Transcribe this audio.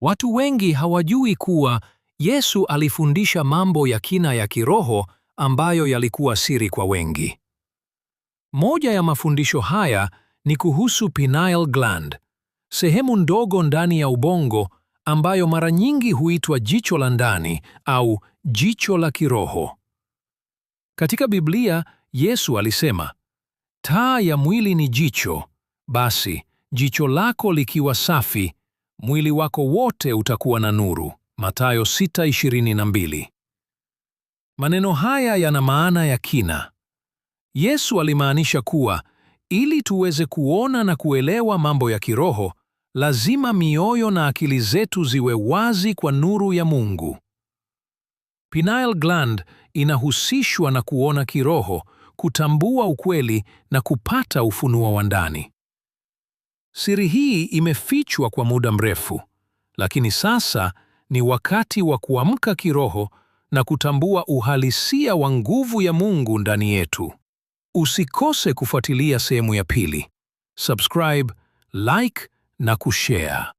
Watu wengi hawajui kuwa Yesu alifundisha mambo ya kina ya kiroho ambayo yalikuwa siri kwa wengi. Moja ya mafundisho haya ni kuhusu pineal gland, sehemu ndogo ndani ya ubongo ambayo mara nyingi huitwa jicho la ndani au jicho la kiroho. Katika Biblia, Yesu alisema, taa ya mwili ni jicho, basi jicho lako likiwa safi, mwili wako wote utakuwa na nuru. Mathayo 6:22. Maneno haya yana maana ya kina. Yesu alimaanisha kuwa ili tuweze kuona na kuelewa mambo ya kiroho, lazima mioyo na akili zetu ziwe wazi kwa nuru ya Mungu. Pineal gland inahusishwa na kuona kiroho, kutambua ukweli na kupata ufunuo wa ndani. Siri hii imefichwa kwa muda mrefu, lakini sasa ni wakati wa kuamka kiroho na kutambua uhalisia wa nguvu ya Mungu ndani yetu. Usikose kufuatilia sehemu ya pili. Subscribe, like na kushare.